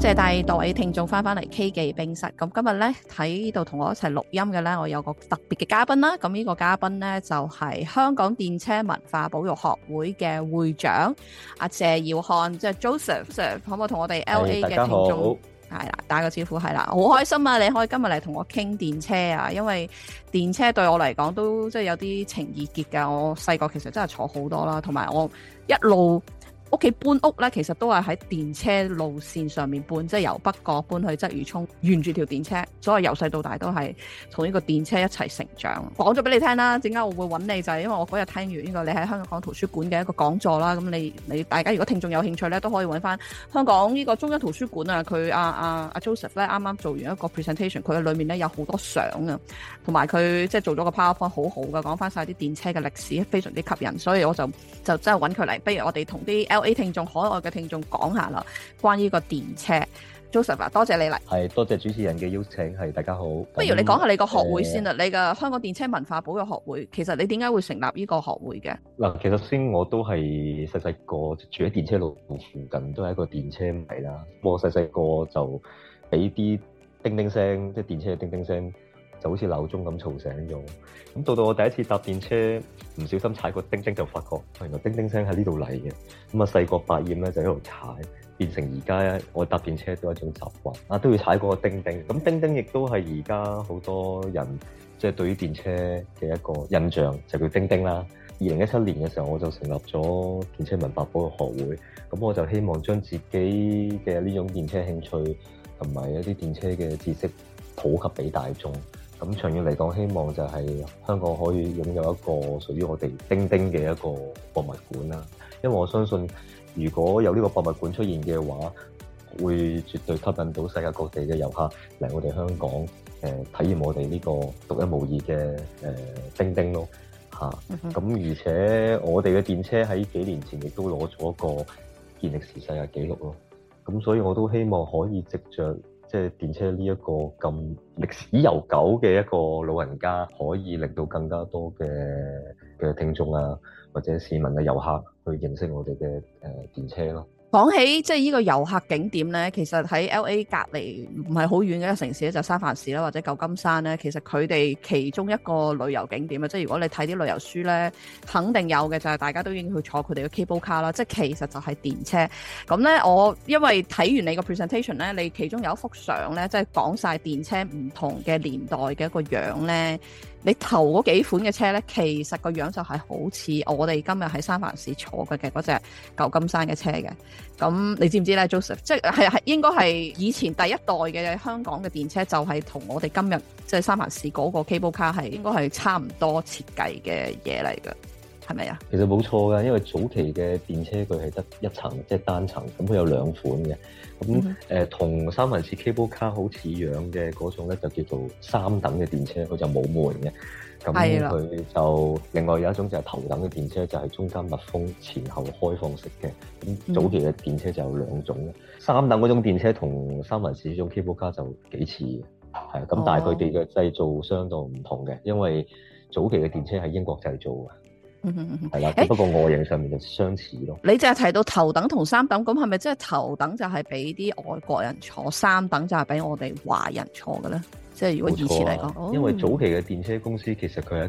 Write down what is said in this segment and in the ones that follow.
即係，帶多位聽眾翻翻嚟 K 技冰室。咁今日呢，睇到同我一齊錄音嘅呢，我有個特別嘅嘉賓啦。咁呢個嘉賓呢，就係、是、香港電車文化保育學會嘅會長阿謝耀漢，即係 Joseph 是 i r，可唔可同我哋 L A 嘅聽眾係啦打個招呼？係啦，好開心啊！你可以今日嚟同我傾電車啊，因為電車對我嚟講都即係有啲情意結噶。我細個其實真係坐好多啦，同埋我一路。屋企搬屋咧，其實都係喺電車路線上面搬，即係由北角搬去鰂魚涌，沿住條電車。所以由細到大都係同呢個電車一齊成長。講咗俾你聽啦，點解我會揾你？就係、是、因為我嗰日聽完呢個你喺香港圖書館嘅一個講座啦。咁你你大家如果聽眾有興趣咧，都可以揾翻香港呢個中央圖書館啊，佢啊啊阿 Joseph 咧啱啱做完一個 presentation，佢喺裏面咧有，多有好多相啊，同埋佢即係做咗個 powerpoint 好好嘅，講翻晒啲電車嘅歷史，非常之吸引。所以我就就真係揾佢嚟，不如我哋同啲俾聽眾可愛嘅聽眾講下啦，關於個電車，Joseph 多謝你嚟，係多謝主持人嘅邀請，係大家好。不如你講下你個學會先啦，嗯、你嘅香港電車文化保育學會，其實你點解會成立呢個學會嘅？嗱，其實先我都係細細個住喺電車路附近，都係一個電車迷啦。我細細個就俾啲叮叮聲，即係電車嘅叮叮聲。就好似鬧鐘咁嘈醒咗，咁到到我第一次搭電車，唔小心踩個叮叮就發覺，原來叮叮聲喺呢度嚟嘅。咁啊細個百厭咧就喺度踩，變成而家我搭電車都係一種習慣，啊都要踩個叮叮。咁叮叮亦都係而家好多人即係、就是、對於電車嘅一個印象就叫叮叮啦。二零一七年嘅時候，我就成立咗電車文化保育學會，咁我就希望將自己嘅呢種電車興趣同埋一啲電車嘅知識普及俾大眾。咁長遠嚟講，希望就係香港可以擁有一個屬於我哋叮叮嘅一個博物館啦。因為我相信，如果有呢個博物館出現嘅話，會絕對吸引到世界各地嘅遊客嚟我哋香港誒、呃、體驗我哋呢個獨一無二嘅誒叮叮咯咁、嗯、哼而且我哋嘅電車喺幾年前亦都攞咗一個健力士世界紀錄咯。咁所以我都希望可以藉著，即電車呢一個咁歷史悠久嘅一個老人家，可以令到更加多嘅嘅聽眾啊，或者市民嘅遊客去認識我哋嘅電車咯。講起即係呢個遊客景點呢，其實喺 L A 隔離唔係好遠嘅一個城市咧，就三藩市啦或者舊金山呢。其實佢哋其中一個旅遊景點啊，即係如果你睇啲旅遊書呢，肯定有嘅就係大家都應該去坐佢哋嘅 cable car 啦，即係其實就係電車。咁呢，我因為睇完你個 presentation 呢，你其中有一幅相呢，即係講晒電車唔同嘅年代嘅一個樣呢。你頭嗰幾款嘅車咧，其實個樣就係好似我哋今日喺三藩市坐嘅嘅嗰隻舊金山嘅車嘅。咁你知唔知咧，Joseph，即係係應該係以前第一代嘅香港嘅電車就係、是、同我哋今日即係三藩市嗰個 cable car 係應該係差唔多設計嘅嘢嚟嘅，係咪啊？其實冇錯㗎，因為早期嘅電車佢係得一層即係、就是、單層，咁佢有兩款嘅。咁誒，同三藩市 Cable Car 好似樣嘅嗰種咧，就叫做三等嘅電車，佢就冇門嘅。咁佢就的另外有一種就係頭等嘅電車，就係、是、中間密封、前後開放式嘅。咁早期嘅電車就有兩種、mm hmm. 三等嗰種電車同三藩市呢種 Cable Car 就幾似，咁，但係佢哋嘅製造相當唔同嘅，oh. 因為早期嘅電車係英國製造嘅。嗯係啦，不過外形上面就相似咯，哎。你淨係提到頭等同三等，咁係咪即係頭等就係俾啲外國人坐，三等就係俾我哋華人坐嘅咧？即係如果以前嚟講，因為早期嘅電車公司其實佢係一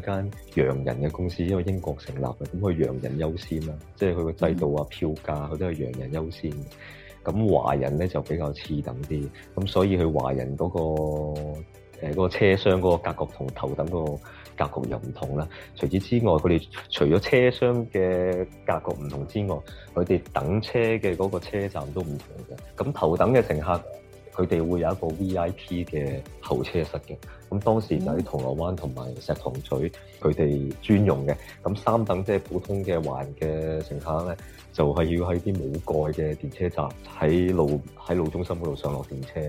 間洋人嘅公司，因為英國成立嘅，咁佢洋人優先啦，即係佢個制度啊、票價，佢、嗯、都係洋人優先嘅。咁華人咧就比較次等啲，咁所以佢華人嗰、個。誒個車廂嗰個格局同頭等嗰個格局又唔同啦。除此之外，佢哋除咗車廂嘅格局唔同之外，佢哋等車嘅嗰個車站都唔同嘅。咁頭等嘅乘客佢哋會有一個 VIP 嘅候車室嘅。咁當時喺銅鑼灣同埋石塘咀佢哋專用嘅。咁三等即係普通嘅環嘅乘客咧，就係要喺啲冇蓋嘅電車站，喺路喺路中心嗰度上落電車。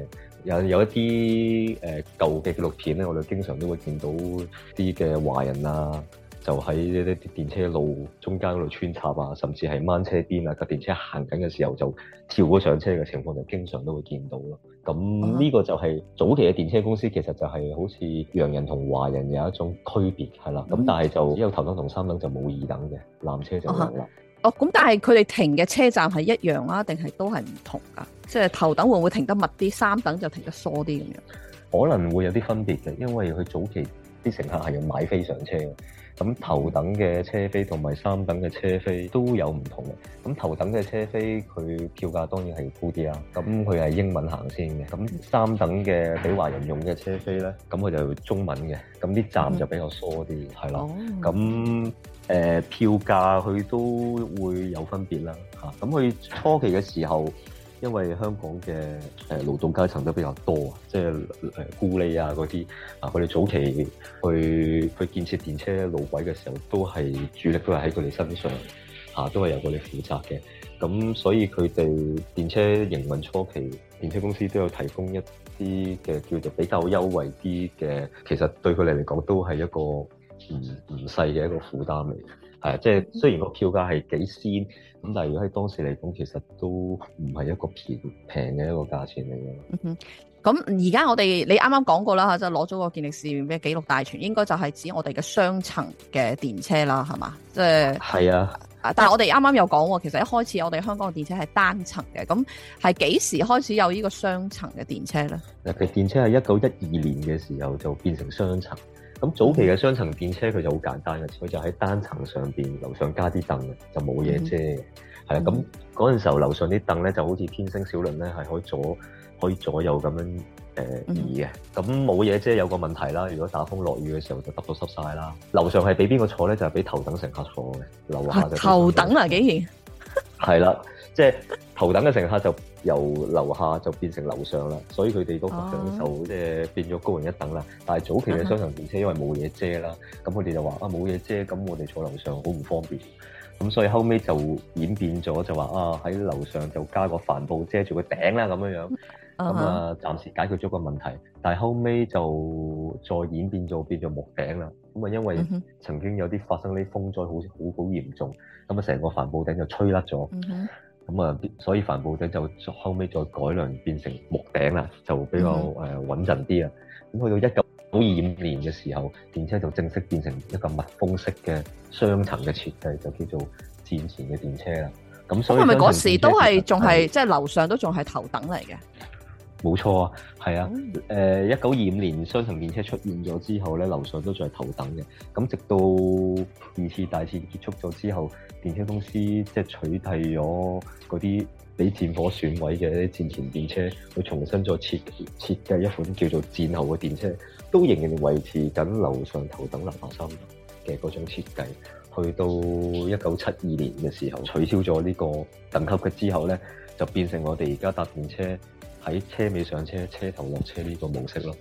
有有一啲誒、呃、舊嘅紀錄片咧，我哋經常都會見到啲嘅華人啊，就喺一啲電車路中間嗰度穿插啊，甚至係掹車邊啊，架電車行緊嘅時候就跳過上車嘅情況，就經常都會見到咯。咁呢個就係早期嘅電車公司，其實就係好似洋人同華人有一種區別，係啦。咁但係就只有頭等同三等，就冇二等嘅纜車就冇啦。Okay. 哦，咁但係佢哋停嘅車站係一樣啦、啊，定係都係唔同噶？即係頭等會唔會停得密啲，三等就停得疏啲咁樣？可能會有啲分別嘅，因為佢早期啲乘客係要買飛上車嘅，咁頭等嘅車飛同埋三等嘅車飛都有唔同嘅。咁頭等嘅車飛佢票價當然係高啲啦，咁佢係英文行先嘅。咁三等嘅俾華人用嘅車飛咧，咁佢就中文嘅，咁啲站就比較疏啲，係、嗯、啦，咁、哦。誒票價佢都會有分別啦，吓咁佢初期嘅時候，因為香港嘅誒勞動階層都比較多啊，即係咕喱呀啊嗰啲，啊佢哋早期去去建設電車路軌嘅時候，都係主力都係喺佢哋身上，吓都係由佢哋負責嘅，咁所以佢哋電車營運初期，電車公司都有提供一啲嘅叫做比較優惠啲嘅，其實對佢哋嚟講都係一個。唔唔細嘅一個負擔嚟，係即係雖然個票價係幾仙咁，但係如果喺當時嚟講，其實都唔係一個便平嘅一個價錢嚟嘅。嗯哼，咁而家我哋你啱啱講過啦吓，就攞、是、咗個健力士嘅紀錄大全，應該就係指我哋嘅雙層嘅電車啦，係嘛？即係係啊，但係我哋啱啱又講，其實一開始我哋香港嘅電車係單層嘅，咁係幾時開始有呢個雙層嘅電車咧？嗱，電車喺一九一二年嘅時候就變成雙層。咁早期嘅雙層電車佢就好簡單嘅，佢就喺單層上邊樓上加啲凳就冇嘢遮嘅。係啦、嗯，咁嗰陣時候樓上啲凳咧就好似天星小輪咧，係可以左可以左右咁樣誒、呃、移嘅。咁冇嘢遮有個問題啦，如果打風落雨嘅時候就得到濕晒啦。樓上係俾邊個坐咧？就係、是、俾頭等乘客坐嘅，樓下就樓頭等啊竟然係啦，即係、 就是、頭等嘅乘客就。由樓下就變成樓上啦，所以佢哋嗰個享受即係變咗高人一等啦。Oh. 但係早期嘅雙層電車因為冇嘢遮啦，咁佢哋就話啊冇嘢遮，咁我哋坐樓上好唔方便。咁所以後尾就演變咗就話啊喺樓上就加個帆布遮住個頂啦咁樣樣。咁、uh huh. 啊暫時解決咗個問題，但係後尾就再演變咗變咗木頂啦。咁啊因為曾經有啲發生啲風災好似好好嚴重，咁啊成個帆布頂就吹甩咗。Uh huh. 咁啊、嗯，所以帆布頂就後尾再改良變成木頂啦，就比較誒、嗯呃、穩陣啲啊。咁去到一九二五年嘅時候，電車就正式變成一個密封式嘅雙層嘅設計，就叫做戰前嘅電車啦。咁所以咁咪嗰時都係仲係即係樓上都仲係頭等嚟嘅。冇錯啊，係啊，誒一九二五年雙層電車出現咗之後咧，樓上都仲係頭等嘅。咁直到二次大戰結束咗之後，電車公司即係取替咗嗰啲俾戰火損毀嘅一啲戰前電車，佢重新再設設計一款叫做戰後嘅電車，都仍然維持緊樓上頭等、樓下三等嘅嗰種設計。去到一九七二年嘅時候，取消咗呢個等級嘅之後咧，就變成我哋而家搭電車，喺車尾上車，車頭落車呢個模式咯。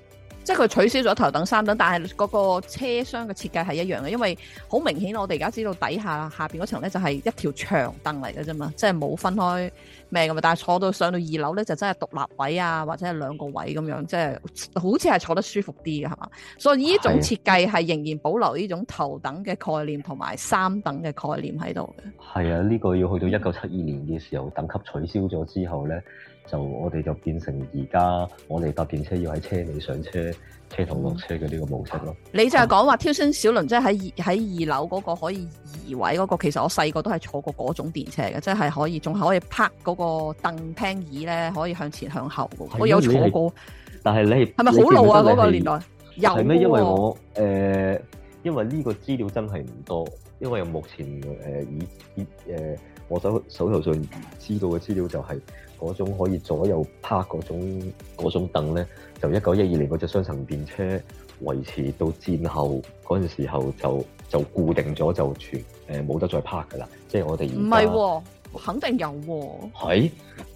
即係佢取消咗頭等三等，但係嗰個車廂嘅設計係一樣嘅，因為好明顯，我哋而家知道底下啦，下邊嗰層咧就係一條長凳嚟嘅啫嘛，即係冇分開咩嘅嘛。但係坐到上到二樓咧，就真係獨立位啊，或者係兩個位咁樣，即係好似係坐得舒服啲嘅，係嘛？所以呢種設計係仍然保留呢種頭等嘅概念同埋三等嘅概念喺度嘅。係啊，呢個要去到一九七二年嘅時候，等級取消咗之後咧。就我哋就變成而家我哋搭電車要喺車尾上車，車頭落車嘅呢個模式咯。你就係講話挑選小輪，即係喺喺二樓嗰個可以移位嗰、那個。其實我細個都係坐過嗰種電車嘅，即、就、係、是、可以仲係可以拍嗰個凳、廳椅咧，可以向前向後。嗎我有坐過，是但係你係咪好老啊？嗰是個年代係咩嗎的、呃？因為我誒，因為呢個資料真係唔多，因為目前誒以以我手手頭上知道嘅資料就係、係、嗰種可以左右拍嗰種嗰種凳咧，就一九一二年嗰隻雙層電車維持到戰後嗰陣、嗰個、時候就就固定咗就全誒冇、呃、得再拍噶啦，即係我哋而家。肯定有喎、哦，係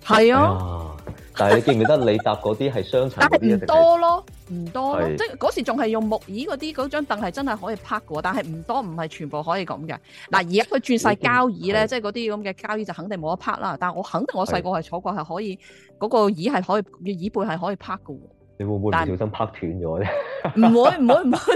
係是啊！哎、但係你記唔記得你搭嗰啲係雙層？唔 多咯，唔多咯，即係嗰時仲係用木椅嗰啲，嗰張凳係真係可以拍嘅。但係唔多唔係全部可以咁嘅。嗱而家佢轉晒膠椅咧，即係嗰啲咁嘅膠椅就肯定冇得拍啦。但係我肯定我細個係坐過係可以嗰、嗰個椅係可以椅背係可以拍嘅。你會唔會唔但小心拍斷咗咧？唔 會唔會唔會。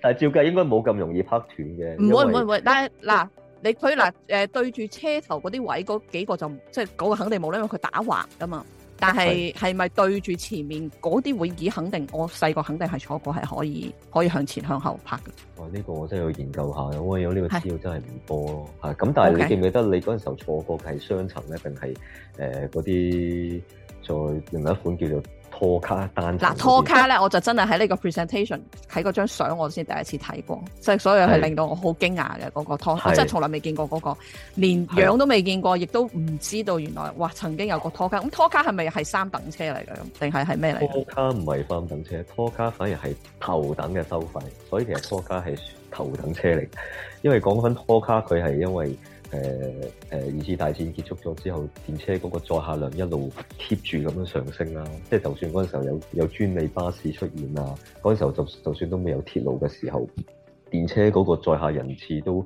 但係照計應該冇咁容易拍斷嘅。唔會唔會唔會。但係嗱。你佢，嗱，誒，對住車頭嗰啲位，嗰幾個就即係嗰個肯定冇啦，因為佢打滑噶嘛。但係係咪對住前面嗰啲位？肯定我細個肯定係坐過，係可以可以向前向後拍嘅。哦，呢個我真係要研究一下喂，有、哎、呢個資料是真係唔多咯。係咁，但係你記唔記得你嗰陣時候坐過係雙層咧，定係誒嗰啲再另一款叫做？拖卡單嗱，拖卡咧，我就真係喺呢個 presentation 睇嗰張相，我先第一次睇過，即係所以係令到我好驚訝嘅嗰個拖，是我真係從來未見過嗰個，連樣都未見過，亦的都唔知道原來哇曾經有個拖卡咁拖卡係咪係三等車嚟嘅？定係係咩嚟？拖卡唔係三等車，拖卡反而係頭等嘅收費，所以其實拖卡係頭等車嚟，因為講緊拖卡佢係因為。誒誒，二次、uh, uh, 大戰結束咗之後，電車嗰個載客量一路貼住咁樣上升啦、啊。即、就、係、是、就算嗰陣時候有有專利巴士出現啊，嗰陣時候就就算都未有鐵路嘅時候，電車嗰個載客人次都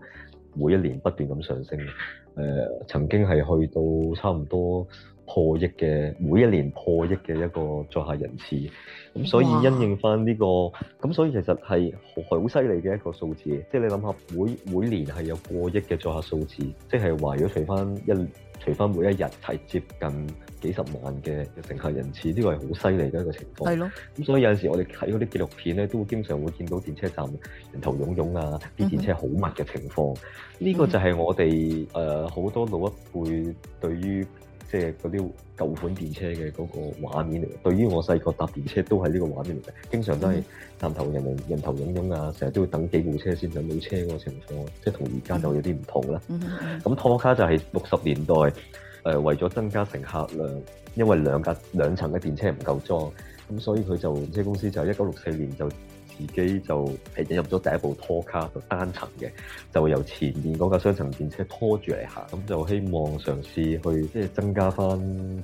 每一年不斷咁上升、啊。誒、uh, 曾經係去到差唔多。破億嘅每一年破億嘅一個載客人次，咁所以因應翻、這、呢個，咁哇所以其實係好犀利嘅一個數字，即、就、係、是、你諗下，每每年係有過億嘅載客數字，即係話如果除翻一除翻每一日係接近幾十萬嘅乘客人次，呢、這個係好犀利嘅一個情況。係咯，咁所以有陣時候我哋睇嗰啲紀錄片咧，都會經常會見到電車站人頭涌湧啊，啲、嗯、哼電車好密嘅情況。呢、嗯、哼個就係我哋誒好多老一輩對於。即係嗰啲舊款電車嘅嗰個畫面嚟，對於我細個搭電車都係呢個畫面嚟，經常都係站頭人人人頭湧湧啊，成日都要等幾部車先上到車個情況，即係同而家就有啲唔同啦。咁拖、mm hmm. 卡就係六十年代誒、呃，為咗增加乘客量，因為兩架兩層嘅電車唔夠裝，咁所以佢就電車、這個、公司就一九六四年就。自己就係引入咗第一部拖卡，就單層嘅，就由前面嗰架雙層電車拖住嚟行，咁就希望嘗試去即係增加翻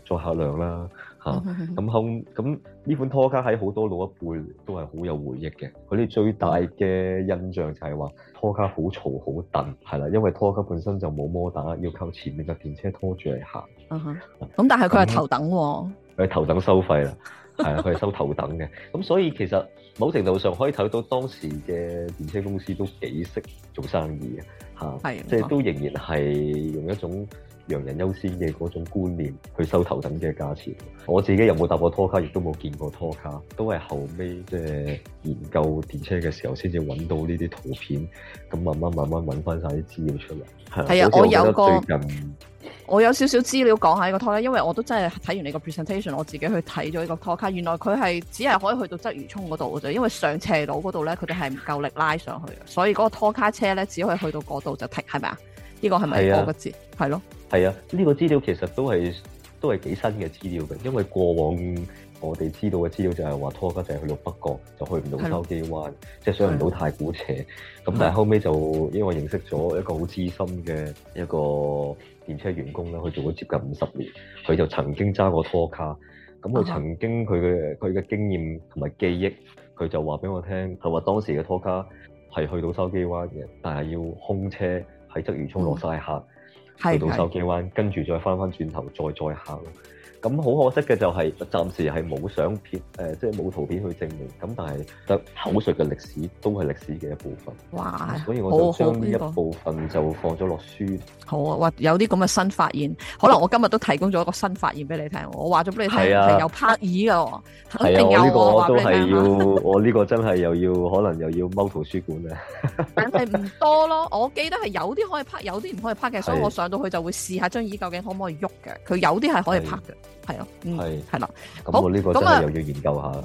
載客量啦。嚇、mm，咁後咁呢款拖卡喺好多老一輩都係好有回憶嘅。佢哋最大嘅印象就係話拖卡好嘈好掟，係啦，因為拖卡本身就冇摩打，要靠前面架電車拖住嚟行。嗯咁、mm hmm. 啊、但係佢係頭等喎、哦，佢係頭等收費啦。係啊，佢係 收頭等嘅，咁所以其實某程度上可以睇到當時嘅電車公司都幾識做生意啊，嚇， 即、就、係、是、都仍然係用一種洋人優先嘅嗰種觀念去收頭等嘅價錢的。我自己有冇搭過拖卡，亦都冇見過拖卡、er，都係後尾即係研究電車嘅時候先至揾到呢啲圖片，咁慢慢慢慢揾翻晒啲資料出嚟。係啊，我有個我覺得最近。我有少少資料講下呢個拖卡，因為我都真係睇完你個 presentation，我自己去睇咗呢個拖卡，原來佢係只係可以去到鰂魚涌嗰度嘅啫，因為上斜路嗰度咧，佢哋係唔夠力拉上去，所以嗰個拖卡車咧只可以去到嗰度就停，係咪、這個、啊？呢個係咪一個字？係咯。係啊，呢、啊這個資料其實都係都係幾新嘅資料嘅，因為過往我哋知道嘅資料就係話拖卡就係去到北角就去唔到筲箕灣，即係的上唔到太古斜。咁的但係後尾就因為認識咗一個好資深嘅一個。電車員工咧，佢做咗接近五十年，佢就曾經揸過拖卡，咁佢曾經佢嘅佢嘅經驗同埋記憶，佢就話俾我聽，佢話當時嘅拖卡係去到筲箕灣嘅，但係要空車喺鰂魚涌落晒客，uh huh. 去到筲箕灣，跟住，uh huh. 再翻翻轉頭，再再行。咁好可惜嘅就係暫時係冇相片，誒，即係冇圖片去證明。咁但係，口述嘅歷史都係歷史嘅一部分。哇，所以我就將呢一部分就放咗落書。好啊，或有啲咁嘅新發現，可能我今日都提供咗一個新發現俾你聽。我話咗俾你聽，有拍椅嘅，肯、啊、定有。呢個都係要， 我呢個真係又要，可能又要踎圖書館啊。但係唔多咯，我記得係有啲可以拍，有啲唔可以拍嘅。是所以我上到去就會試下張椅究竟可唔可以喐嘅。佢有啲係可以拍嘅。係咯，係係啦，咁、嗯、是吧我呢個真係又要研究下啦。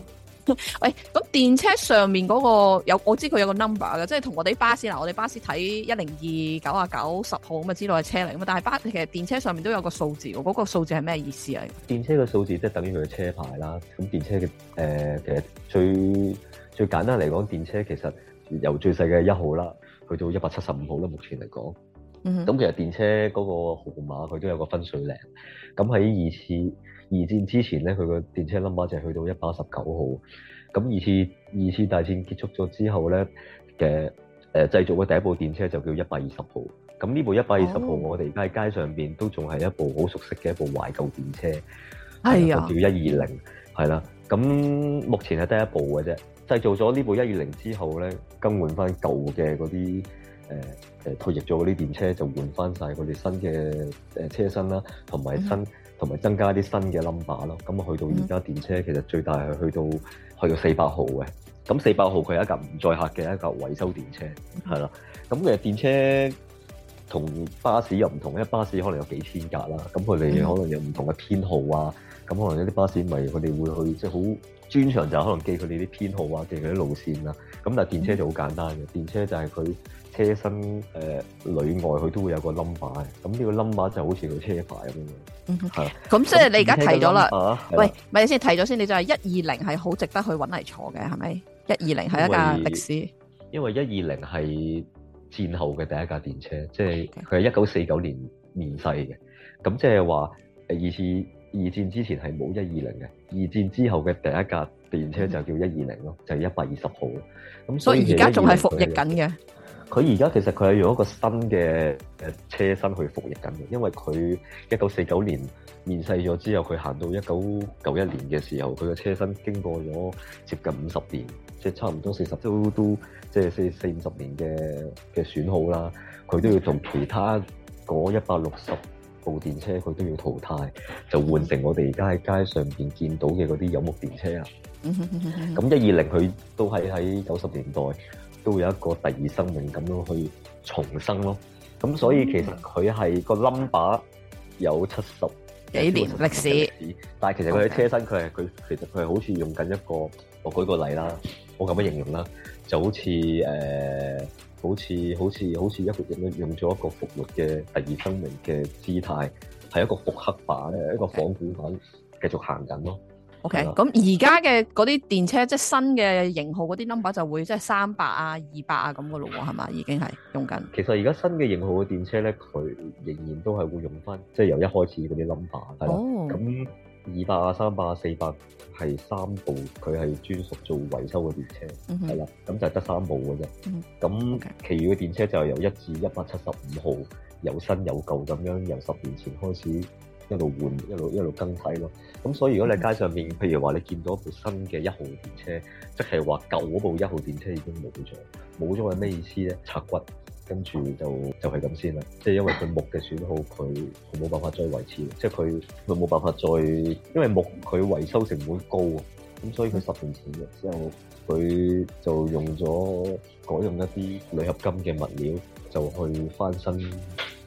喂，咁、哎、電車上面嗰、那個有，我知佢有個 number 嘅，即係同我哋巴士嗱，我哋巴士睇一零二九啊九十號咁啊，知道係車嚟咁嘛。但係巴其實電車上面都有個數字嘅，嗰、那個數字係咩意思啊？電車嘅數字即係等於佢嘅車牌啦。咁電車嘅誒、呃，其實最最簡單嚟講，電車其實由最細嘅一號啦，去到一百七十五號咯。目前嚟講，咁、嗯、哼其實電車嗰個號碼佢都有個分水嶺。咁喺二次。二戰之前咧，佢個電車 number 就係去到一百十九號。咁二次二次大戰結束咗之後咧，嘅誒製造嘅第一部電車就叫一百二十號。咁呢部一百二十號，我哋而家喺街上邊都仲係一部好熟悉嘅一部懷舊電車。係啊、哎呦，是的叫一二零，係啦。咁目前係得一部嘅啫。製造咗呢部一二零之後咧，更換返舊嘅嗰啲誒誒退役咗嗰啲電車，就換返晒佢哋新嘅誒車身啦，同埋新。嗯同埋增加啲新嘅 number 咯，咁啊去到而家電車其實最大係去到去到四百號嘅，咁四百號佢係一架唔載客嘅一架維修電車，係啦，咁其實電車同巴士又唔同，因為巴士可能有幾千架啦，咁佢哋可能有唔同嘅編號啊，咁可能一啲巴士咪佢哋會去即係好專長就可能記佢哋啲編號啊，記佢啲路線啊。咁但係電車就好簡單嘅，電車就係佢車身誒裏外佢都會有個 number，咁呢個 number 就好似個車牌咁樣。嗯，係。咁所以你而家提咗啦，喂，咪先提咗先，你就係一二零係好值得去揾嚟坐嘅，係咪？一二零係一架歷史，因為一二零係戰後嘅第一架電車，即係佢係一九四九年面世嘅。咁即係話二次二戰之前係冇一二零嘅，二戰之後嘅第一架。電車就叫一二零咯，就係一百二十號。咁所以而家仲係服役緊嘅。佢而家其實佢係用一個新嘅誒車身去服役緊嘅，因為佢一九四九年面世咗之後，佢行到一九九一年嘅時候，佢嘅車身經過咗接近五十年，即係差唔多 40, 四十都都即係四四五十年嘅嘅損耗啦。佢都要同其他嗰一百六十部電車，佢都要淘汰，就換成我哋而家喺街上邊見到嘅嗰啲有木電車啦。咁一二零佢都係喺九十年代，都會有一個第二生命咁樣去重生咯。咁、嗯、哼所以其實佢係個 number 有七十幾年歷史，歷史但係其實佢喺車身佢係佢其實佢係好似用緊一個，我舉個例子啦，我咁樣形容啦，就好似誒、呃，好似好似好似一個用咗一個復綠嘅第二生命嘅姿態，係一個復刻版嘅一個仿古版，繼、嗯、哼續行緊咯。O.K. 咁而家嘅嗰啲電車，即係新嘅型號嗰啲 number 就會即係三百啊、二百啊咁嘅咯喎，係嘛？已經係用緊。其實而家新嘅型號嘅電車咧，佢仍然都係會用翻，即係由一開始嗰啲 number 係啦。咁二百啊、三百啊、四百係三部，佢係專屬做維修嘅電車，係啦、嗯哼。咁就係得三部嘅啫。咁、嗯哼，其餘嘅電車就係由一至一百七十五號，有新有舊咁樣，由十年前開始。一路換，一路一路更替咯。咁所以如果你喺街上面，嗯、譬如話你見到一部新嘅一號電車，即係話舊嗰部一號電車已經冇咗，冇咗係咩意思咧？拆骨，跟住就就係、是、咁先啦。即、就、係、是、因為佢木嘅損耗，佢冇辦法再維持。即係佢佢冇辦法再，因為木佢維修成本高啊。咁所以佢十年前、嗯、之後，佢就用咗改用一啲鋁合金嘅物料，就去翻新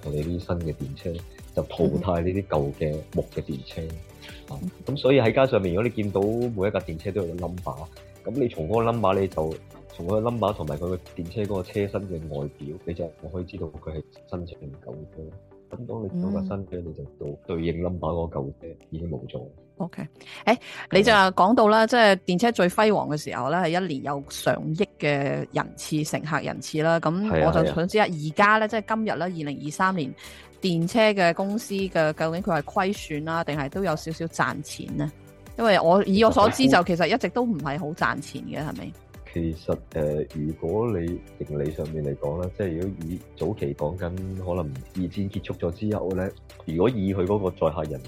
我哋啲新嘅電車。就淘汰呢啲舊嘅木嘅電車，咁、嗯啊、所以喺街上面，如果你見到每一架電車都有個 number，咁你從嗰個 number 你就從嗰個 number 同埋佢個電車嗰個車身嘅外表，你就可以知道佢係新車定舊車。咁當你見到架新、嗯、車，你就到對應 number 嗰個舊車已經冇咗。OK，誒、欸，的你說就講到啦，即係電車最輝煌嘅時候咧，係一年有上億嘅人次乘客人次啦。咁我就想知下而家咧即係今日咧，二零二三年。電車嘅公司嘅究竟佢係虧損啦、啊，定係都有少少賺錢呢？因為我以我所知其實就其實一直都唔係好賺錢嘅，係咪？其實誒、呃，如果你盈利上面嚟講啦，即係如果以早期講緊可能二戰結束咗之後咧，如果以佢嗰個載客人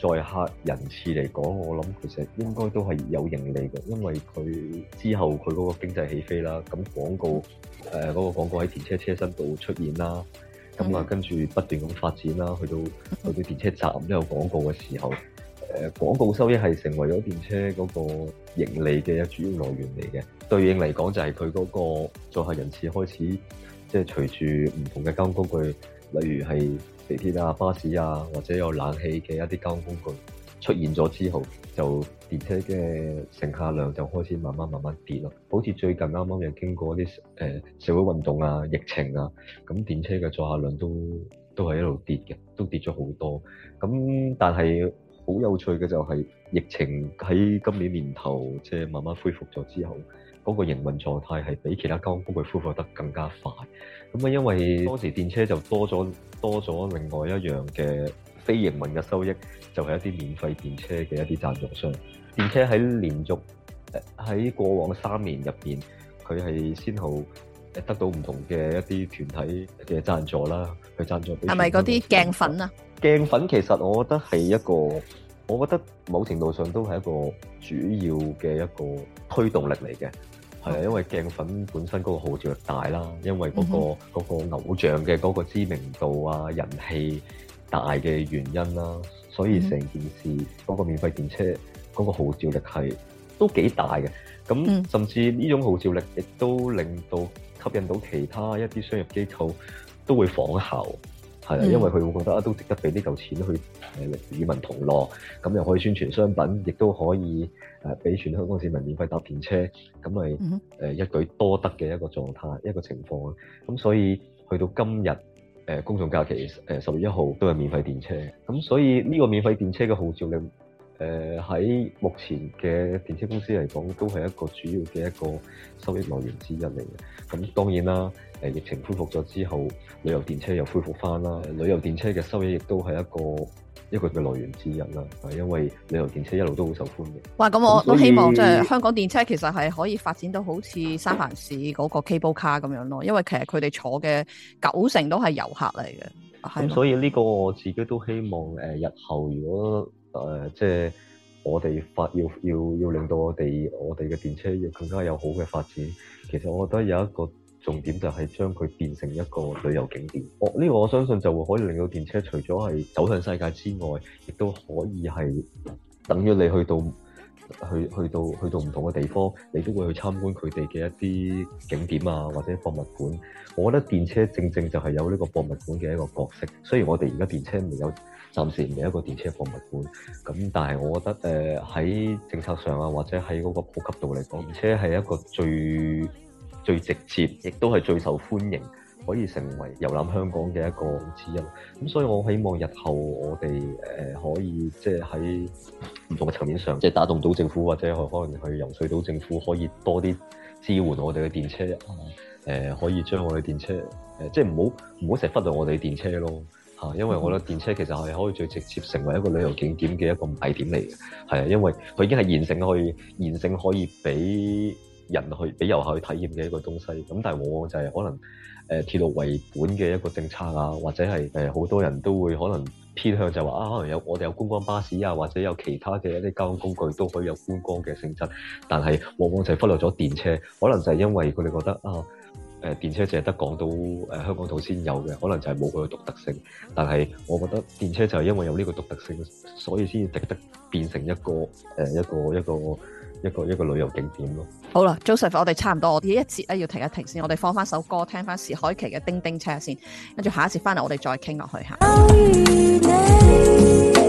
載客人次嚟講，我諗其實應該都係有盈利嘅，因為佢之後佢嗰個經濟起飛啦，咁廣告誒嗰、呃那個廣告喺電車車身度出現啦。咁啊，跟住、嗯、不斷咁發展啦，去到去到電車站都有廣告嘅時候，誒廣告收益係成為咗電車嗰個盈利嘅主要來源嚟嘅。對應嚟講，就係佢嗰個載客人次開始，即係隨住唔同嘅交通工具，例如係地鐵啊、巴士啊，或者有冷氣嘅一啲交通工具。出現咗之後，就電車嘅乘客量就開始慢慢慢慢跌咯。好似最近啱啱又經過啲誒、呃、社會運動啊、疫情啊，咁電車嘅載客量都都係一路跌嘅，都跌咗好多。咁但係好有趣嘅就係疫情喺今年年頭即係慢慢恢復咗之後，嗰、那個營運狀態係比其他交通工具恢復得更加快。咁啊，因為當時電車就多咗多咗另外一樣嘅。非營運嘅收益就係一啲免費電車嘅一啲贊助商，電車喺連續喺過往三年入邊，佢係先後得到唔同嘅一啲團體嘅贊助啦，去贊助。係咪嗰啲鏡粉啊？鏡粉其實我覺得係一個，我覺得某程度上都係一個主要嘅一個推動力嚟嘅，係啊，因為鏡粉本身嗰個號召力大啦，因為嗰個嗰個偶像嘅嗰個知名度啊、人氣。大嘅原因啦，所以成件事嗰、嗯、個免費電車嗰、個號召力係都幾大嘅。咁甚至呢種號召力亦都令到吸引到其他一啲商業機構都會仿效，係啊，嗯、因為佢會覺得、啊、都值得俾呢嚿錢去誒與、呃、民同樂，咁、嗯、又可以宣傳商品，亦都可以誒俾、呃、全香港市民免費搭電車，咁咪誒一舉多得嘅一個狀態一個情況。咁所以去到今日。誒公眾假期誒十月一號都係免費電車，咁所以呢個免費電車嘅號召力，誒喺目前嘅電車公司嚟講，都係一個主要嘅一個收益來源之一嚟嘅。咁當然啦。誒疫情恢復咗之後，旅遊電車又恢復翻啦。旅遊電車嘅收益亦都係一個一個嘅來源之一啦。啊，因為旅遊電車一路都好受歡迎。哇！咁我都希望即係香港電車其實係可以發展到好似三藩市嗰個纜車咁樣咯。因為其實佢哋坐嘅九成都係遊客嚟嘅。係。咁所以呢個我自己都希望誒、呃，日後如果誒、呃、即係我哋發要要要令到我哋我哋嘅電車要更加有好嘅發展，其實我覺得有一個重點就係將佢變成一個旅遊景點。哦，呢個我相信就會可以令到電車除咗係走向世界之外，亦都可以係等於你去到去去到去到唔同嘅地方，你都會去參觀佢哋嘅一啲景點啊，或者博物館。我覺得電車正正就係有呢個博物館嘅一個角色。雖然我哋而家電車未有，暫時唔係一個電車博物館。咁但係我覺得，誒喺政策上啊，或者喺嗰個普及度嚟講，電車係一個最最直接，亦都係最受歡迎，可以成為遊覽香港嘅一個之一。咁所以我希望日後我哋誒、呃、可以即係喺唔同嘅層面上，即係打動到政府或者去可能去遊說到政府可以多啲支援我哋嘅電車啊。誒、呃、可以將我哋電車誒、呃、即係唔好唔好成日忽略我哋電車咯吓、呃，因為我覺得電車其實係可以最直接成為一個旅遊景點嘅一個賣點嚟嘅，係啊，因為佢已經係現成可以現成可以俾。人去俾遊客去體驗嘅一個東西，咁但係往往就係可能誒鐵路為本嘅一個政策啊，或者係誒好多人都會可能偏向就話啊，可能有我哋有觀光巴士啊，或者有其他嘅一啲交通工具都可以有觀光嘅性質，但係往往就係忽略咗電車，可能就係因為佢哋覺得啊誒、呃、電車淨係得港島誒香港島先有嘅，可能就係冇佢嘅獨特性。但係我覺得電車就係因為有呢個獨特性，所以先值得變成一個誒一個一個。一個一個一個旅遊景點咯。好啦，Joseph，我哋差唔多，我一節呢一節咧要停一停先，我哋放翻首歌聽翻薛凱琪嘅《叮叮車》先，跟住下一節翻嚟我哋再傾落去嚇。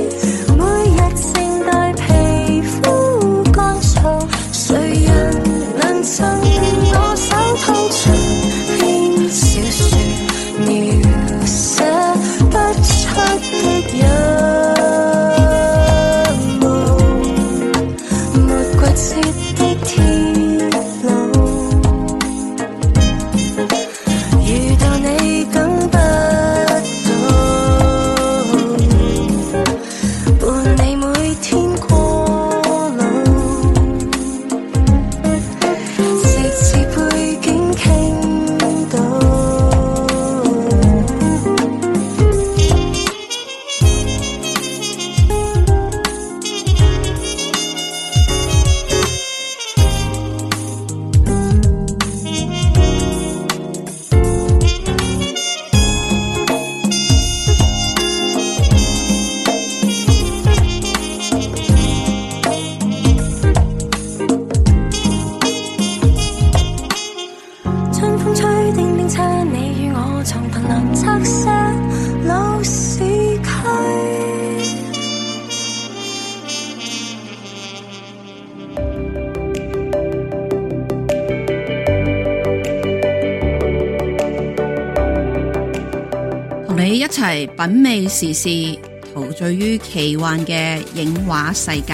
時事陶醉於奇幻嘅影畫世界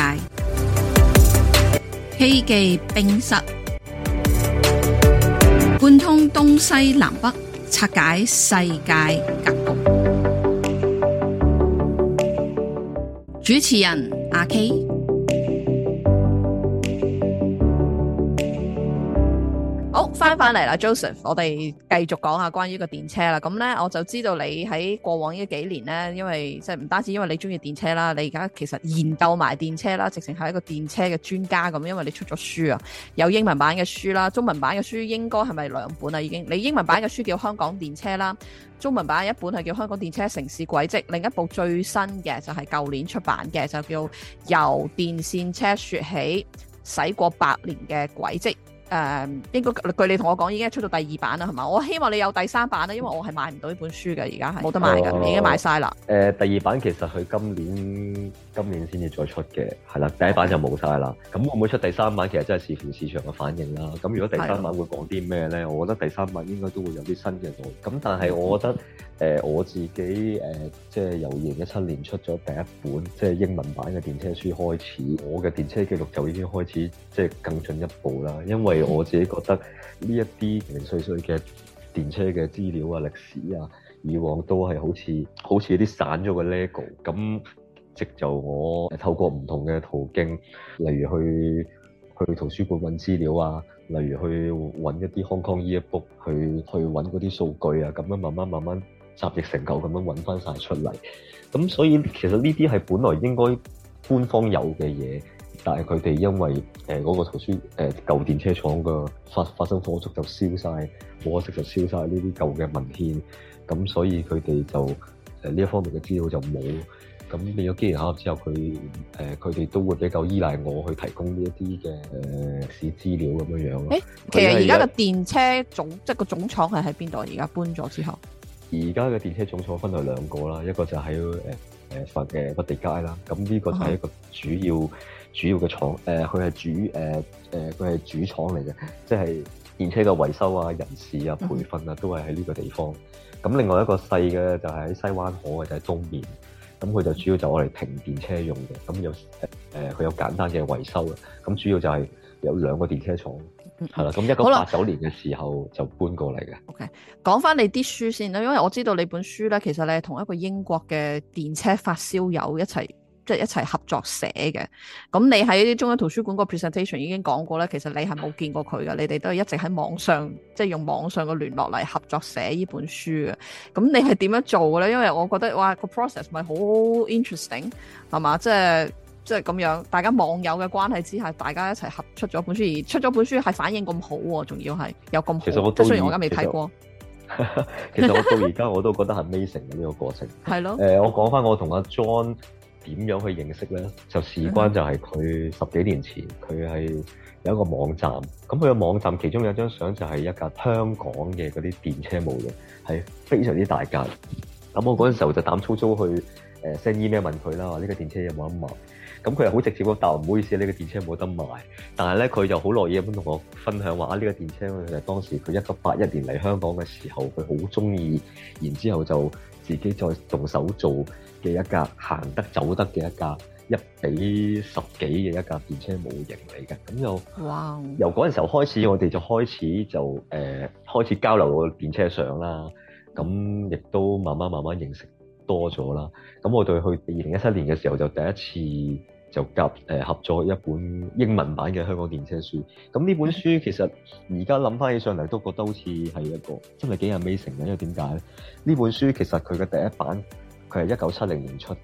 ，K 記 冰室貫 通東西南北，拆解世界格局。 主持人阿 K。翻返嚟啦，Joseph，我哋繼續講下關於個電車啦。咁呢，我就知道你喺過往呢幾年呢，因為即係唔單止因為你中意電車啦，你而家其實研究埋電車啦，直情係一個電車嘅專家咁。因為你出咗書啊，有英文版嘅書啦，中文版嘅書應該係咪兩本啊？已經，你英文版嘅書叫《香港電車》啦，中文版一本係叫《香港電車城市軌跡》，另一部最新嘅就係舊年出版嘅，就叫《由電線車說起，駛過百年嘅軌跡》。誒，uh, 應該據你同我講已經出到第二版啦，係嘛？我希望你有第三版啦，因為我係買唔到呢本書嘅，而家係冇得買㗎，uh, 已經買晒啦。Uh, 第二版其實佢今年今年先至再出嘅，係啦，第一版就冇晒啦。咁的會唔會出第三版？其實真係視乎市場嘅反應啦。咁如果第三版會講啲咩咧？的我覺得第三版應該都會有啲新嘅度。咁但係我覺得。 誒、呃、我自己誒、呃，即係由二零一七年出咗第一本即係英文版嘅電車書開始，我嘅電車記錄就已經開始即係更進一步啦。因為我自己覺得呢一啲零零碎碎嘅電車嘅資料啊、歷史啊、以往都係好似好似一啲散咗嘅 LEGO。咁即就我透過唔同嘅途徑，例如去去圖書館揾資料啊，例如去揾一啲 Hong Kong e-book 去去揾嗰啲數據啊，咁樣慢慢慢慢。集腋成裘咁樣揾翻晒出嚟，咁所以其實呢啲係本來應該官方有嘅嘢，但係佢哋因為誒嗰、呃嗰個圖書誒舊、呃、電車廠個發，發生火燭就燒晒，冇可惜就燒晒呢啲舊嘅文獻，咁所以佢哋就誒呢一方面嘅資料就冇。咁變咗機緣巧合之後，佢誒佢哋都會比較依賴我去提供呢一啲嘅誒歷史資料咁樣樣咯。誒，其實而家嘅電車總即係個總廠係喺邊度？而家搬咗之後。而家嘅電車總廠分咗兩個啦，一個就喺誒誒佛嘅屈地街啦，咁呢個就係一個主要主要嘅廠，誒佢係主誒誒佢係主廠嚟嘅，即係電車嘅維修啊、人事啊、培訓啊都係喺呢個地方。咁另外一個細嘅就喺西灣河嘅，就係東面。咁佢就主要就我哋停電車用嘅，咁有誒佢呃呃有簡單嘅維修。咁主要就係有兩個電車廠。係啦，咁一九八九年嘅時候就搬過嚟嘅。OK，講翻你啲書先啦，因為我知道你本書咧，其實你係同一個英國嘅電車發燒友一齊，即係一齊合作寫嘅。咁你喺中央圖書館個 presentation 已經講過咧，其實你係冇見過佢嘅，你哋都係一直喺網上，即係用網上嘅聯絡嚟合作寫呢本書嘅。咁你係點樣做嘅咧？因為我覺得哇，個 process 咪好 interesting 係嘛，即係。即係咁樣，大家網友嘅關係之下，大家一齊合出咗本書，而出咗本書係反應咁好喎、啊，仲要係有咁好其其。其實我雖然我而家未睇過，其實我到而家我都覺得係 make 成咁呢個過程。係咯。 誒、呃，我講翻我同阿 John 點樣去認識咧，就事關就係佢十幾年前佢係有一個網站，咁佢個網站其中有張相就係一架香港嘅嗰啲電車模型，係非常之大架。咁我嗰陣時候就膽粗粗去誒 send email 問佢啦，話呢個電車有冇得賣？咁佢又好直接咁答，唔好意思，呢個電車冇得賣。但係呢，佢就好樂意咁同我分享話啊，呢、呢個電車當時當時佢一九八一年嚟香港嘅時候，佢好中意，然之後就自己再動手做嘅一架行得走得嘅一架一比十幾嘅一架電車模型嚟嘅。咁又哇，Wow. 由嗰陣時候開始，我哋就開始就誒、呃、開始交流個電車相啦，咁亦都慢慢慢慢認識。多咗啦，咁我哋去二零一七年嘅時候就第一次就夾誒合作一本英文版嘅香港電車書。咁呢本書其實而家諗翻起上嚟都覺得好似係一個真係幾 amazing，因為點解咧？呢本書其實佢嘅第一版佢係一九七零年出嘅，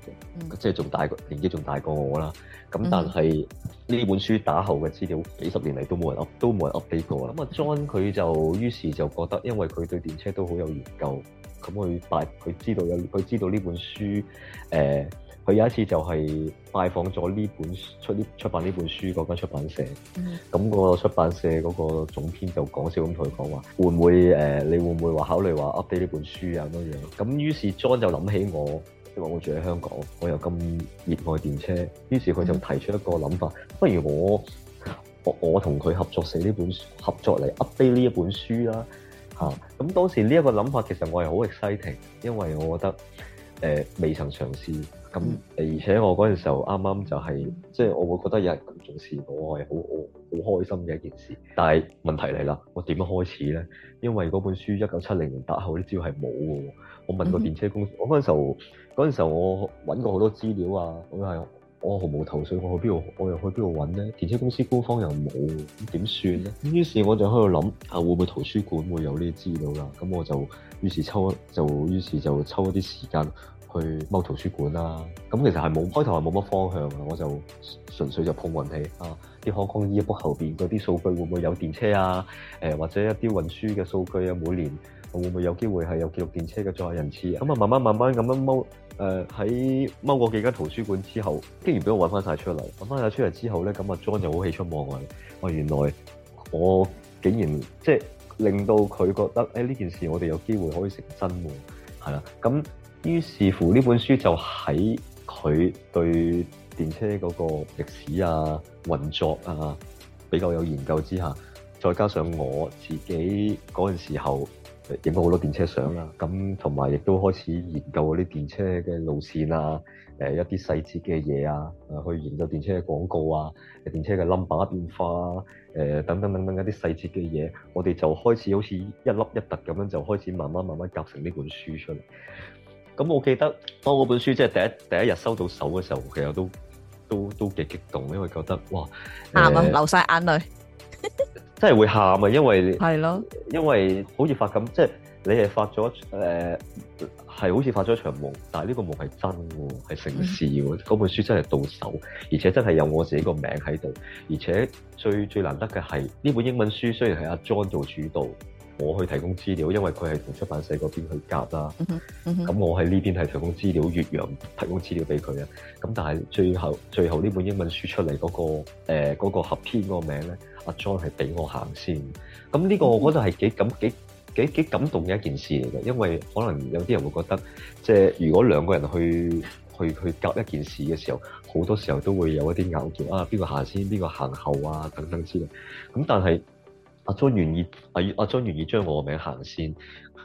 即係仲大過年紀仲大過我啦。咁但係呢本書打後嘅資料幾十年嚟都冇人 update 都冇人 update 過。咁啊，John 佢就於是就覺得，因為佢對電車都好有研究。咁佢拜佢知道有佢知道呢本書，誒、呃，佢有一次就係拜訪咗呢本出呢出版呢本書嗰間出版社，咁、mm. 個出版社嗰個總編就講笑咁同佢講話，會唔會誒、呃，你會唔會話考慮話 update 呢本書啊乜嘢。咁於是 John 就諗起我，即係話我住喺香港，我又咁熱愛電車，於是佢就提出一個諗法，mm. 不如我我我同佢合作寫呢本，合作嚟 update 呢一本書啦。嚇！咁、啊、當時呢一個諗法其實我係好 exciting，因為我覺得誒、呃、未曾嘗試。咁而且我嗰陣時候啱啱就係即係我會覺得有人咁重視我係好我好開心嘅一件事。但係問題嚟啦，我點樣開始咧？因為嗰本書一九七零年打後啲資料係冇嘅。我問過電車公司，嗯、哼我嗰陣時候嗰陣時候我揾過好多資料啊，咁係、就是。我毫無頭緒，我去邊度？我又去邊度揾咧？電車公司官方又冇，點算咧？於是我就喺度諗，啊會唔會圖書館會有呢啲資料啦？咁我就於是抽，就於是就抽一啲時間去踎圖書館啦。咁其實係冇開頭係冇乜方向啊，我就純粹就碰運氣啊。啲航空 Ebook 後邊嗰啲數據會唔會有電車啊？誒或者一啲運輸嘅數據啊？每年會唔會有機會係有記錄電車嘅載人次啊？咁啊慢慢慢慢咁樣踎。誒，喺踎過幾間圖書館之後，竟然俾我揾翻晒出嚟，揾翻晒出嚟之後咧，咁阿 John 就好喜出望外。哇，原來我竟然即係令到佢覺得，誒、欸、呢件事我哋有機會可以成真喎，係啦。咁於是乎呢本書就喺佢對電車嗰個歷史啊、運作啊比較有研究之下，再加上我自己嗰陣時候。影咗好多電車相啦，咁同埋亦都開始研究嗰啲電車嘅路線啊，誒、呃、一啲細節嘅嘢啊，去研究電車嘅廣告啊，電車嘅 number 變化啊，誒、呃、等等等等一啲細節嘅嘢，我哋就開始好似一粒一突咁樣，就開始慢慢慢慢夾成呢本書出嚟。咁我記得當嗰本書即係第一第一日收到手嘅時候，我其實都都都幾激動，因為覺得哇，啱啊，流晒眼淚。呃真係會喊啊，因為係咯，的因為好似發咁，即係你係發咗誒，係、呃、好似發咗一場夢，但係呢個夢係真嘅，係成事嘅，嗰的本書真係到手，而且真係有我自己個名喺度，而且最最難得嘅係呢本英文書，雖然係阿 John 做主導。我去提供資料，因為佢係同出版社嗰邊去夾啦。咁、嗯嗯、我喺呢邊係提供資料，越洋提供資料俾佢啊。咁但係最後最後呢本英文書出嚟嗰、那個誒嗰、呃那個合編個名咧，阿 John 係俾我行先。咁呢個我覺得係幾感、嗯、幾，幾，幾感動嘅一件事嚟嘅，因為可能有啲人會覺得，即係如果兩個人去去去夾一件事嘅時候，好多時候都會有一啲拗撬啊，邊個行先，邊個行後啊，等等之類。咁但係。阿張願意，阿阿張願意將我個名行先。